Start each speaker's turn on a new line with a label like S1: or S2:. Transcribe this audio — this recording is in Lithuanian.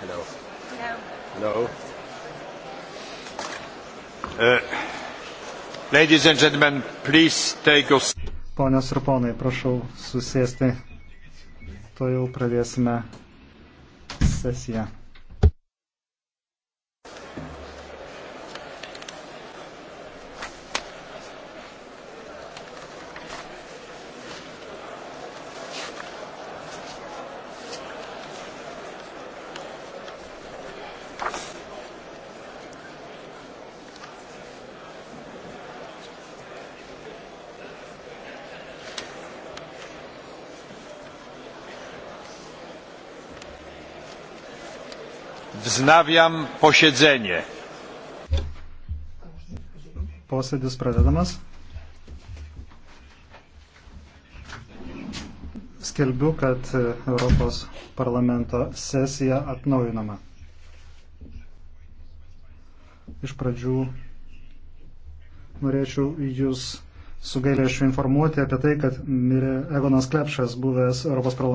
S1: Hello. Hello. Hello. Hello. Uh, ladies and gentlemen, please take us.
S2: Ponios ir ponai, prašau susėsti. To jau pradėsime sesiją.
S3: Vznaviam posėdzenį.
S2: Posėdis pradedamas. Skelbiu, kad e, Europos parlamento sesija atnaujinama. Iš pradžių norėčiau jūs su gailėšiu informuoti apie tai, kad mirė Egonas Klepšas, buvęs Europos parlamento.